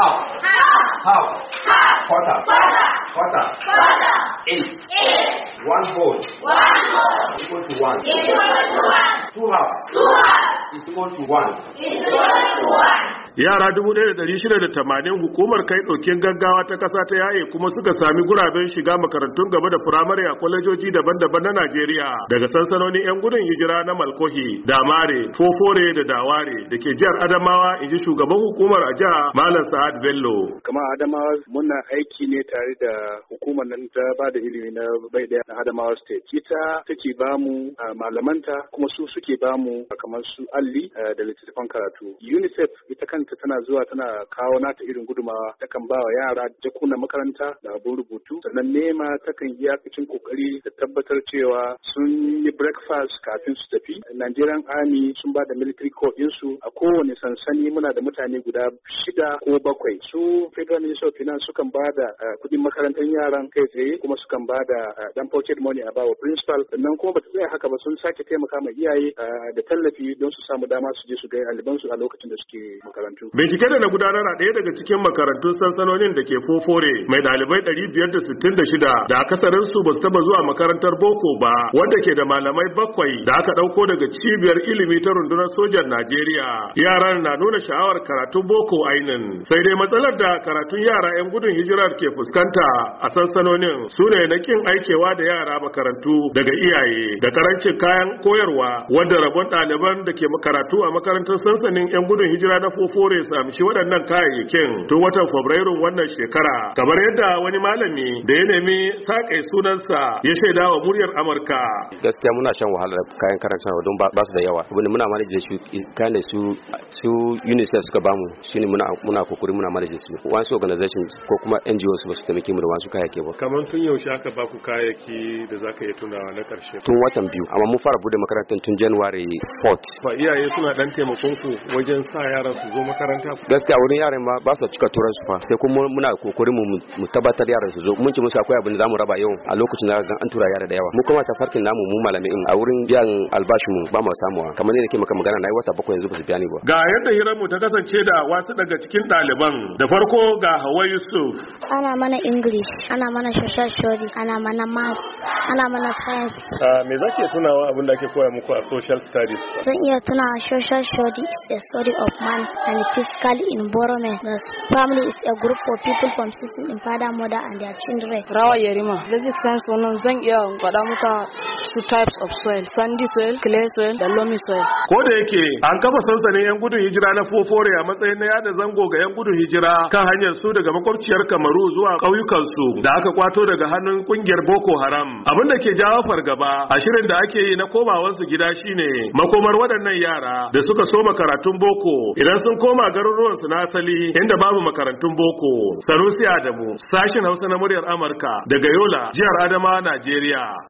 How? How? Quarter. Quarter. Quarter. Quarter. Eight. Eight. One whole. One whole. Equal to one. Equal to one. Two halves. Two halves. Is equal to one. Is equal yara 1680 hukumar kai ɗaukin gaggawa ta kasa ta yaye kuma suka sami guraben shiga makarantun gaba da firamare a kwalejoji daban-daban na Najeriya daga sansanonin 'yan gudun hijira na Malkohi, Damare, Fofore da Daware da ke jihar Adamawa in ji shugaban hukumar a jihar Malam Sa'ad Bello. Kama Adamawa muna aiki ne tare da hukumar nan ta ba da ilimi na bai daya na Adamawa State. Ita take ba mu malamanta kuma su suke ba mu kamar su alli da littattafan karatu. UNICEF ita kan kanta tana zuwa tana kawo nata irin gudumawa kan ba wa yara jakunan makaranta da abun rubutu sannan nema kan yi yakacin kokari da tabbatar cewa sun yi breakfast kafin su tafi Nigerian Army sun ba da military corps ɗinsu a kowane sansani muna da mutane guda shida ko bakwai su Federal Ministry of Finance sukan ba da eh, kudin makarantar yaran kai tsaye kuma sukan ba da dan eh, pocket money a bawa principal sannan kuma ta tsaya haka ba sun sake taimaka ma iyaye eh, da tallafi don su samu dama su je su ga ɗalibansu a lokacin da suke makaranta makarantu. Bincike da na gudanar a ɗaya daga cikin makarantun sansanonin da ke fofore mai ɗalibai ɗari biyar da sittin da shida da akasarin su ba su taɓa zuwa makarantar boko ba wanda ke da malamai bakwai da aka ɗauko daga cibiyar ilimi ta rundunar sojan Najeriya. Yaran na nuna sha'awar karatun boko ainin sai dai matsalar da karatun yara 'yan gudun hijirar ke fuskanta a sansanonin su ne na kin aikewa da yara makarantu daga iyaye da karancin kayan koyarwa wanda rabon ɗaliban da ke karatu a makarantar sansanin 'yan gudun hijira na fofo kore samshi waɗannan kayayyakin tun watan Fabrairun wannan shekara kamar yadda wani malami da ya nemi sake sunansa ya shaida wa muryar Amurka. Gaskiya muna shan wahala kayan karantarwa don ba su da yawa. Abin muna manage su kayan da su su UNICEF suka bamu shine muna muna kokari muna manage su. Wasu organization ko kuma su ba su taimake mu da wasu kayayyaki ba. Kamar tun yaushe aka ba ku kayayyaki da ka iya tunawa na karshe. Tun watan biyu amma mun fara bude makarantar tun January 4 Ba iyaye suna dan taimakon ku wajen sa yaran su zo makaranta gaskiya wurin yaran ma ba su cika turan su fa sai kuma muna kokarin mu mu tabbatar yaran su zo mun ci musu akwai abin da zamu raba yau a lokacin da an tura yara da yawa mu kuma farkin namu mu malamai a wurin biyan albashin mu ba mu samuwa kamar ne nake maka magana nayi wata bakwai yanzu ba su biya ni ba ga yadda hirar mu ta kasance da wasu daga cikin ɗaliban da farko ga Hawa Yusuf ana mana English ana mana social study ana mana math ana mana science me zake tunawa abin da ake koya muku a social studies zan iya tunawa social studies the study of man and a fiscal environment. The family is a group of people consisting in father, mother and their children. Rawa yerima basic science wannan zan iya faɗa muka two types of soil, sandy soil, clay soil da loamy soil. Ko da yake an kafa sansanin 'yan gudun hijira na Fofore a matsayin na yada zango ga 'yan gudun hijira kan hanyar su daga makwabciyar Kamaru zuwa su da aka kwato daga hannun kungiyar Boko Haram. Abin da ke jawo fargaba a shirin da ake yi na komawansu gida shine makomar waɗannan yara da suka soma karatun boko idan sun koma garuruwan su na asali inda babu makarantun boko. Sanusi Adamu, sashin Hausa na muryar Amurka daga Yola, jihar Adama, Najeriya.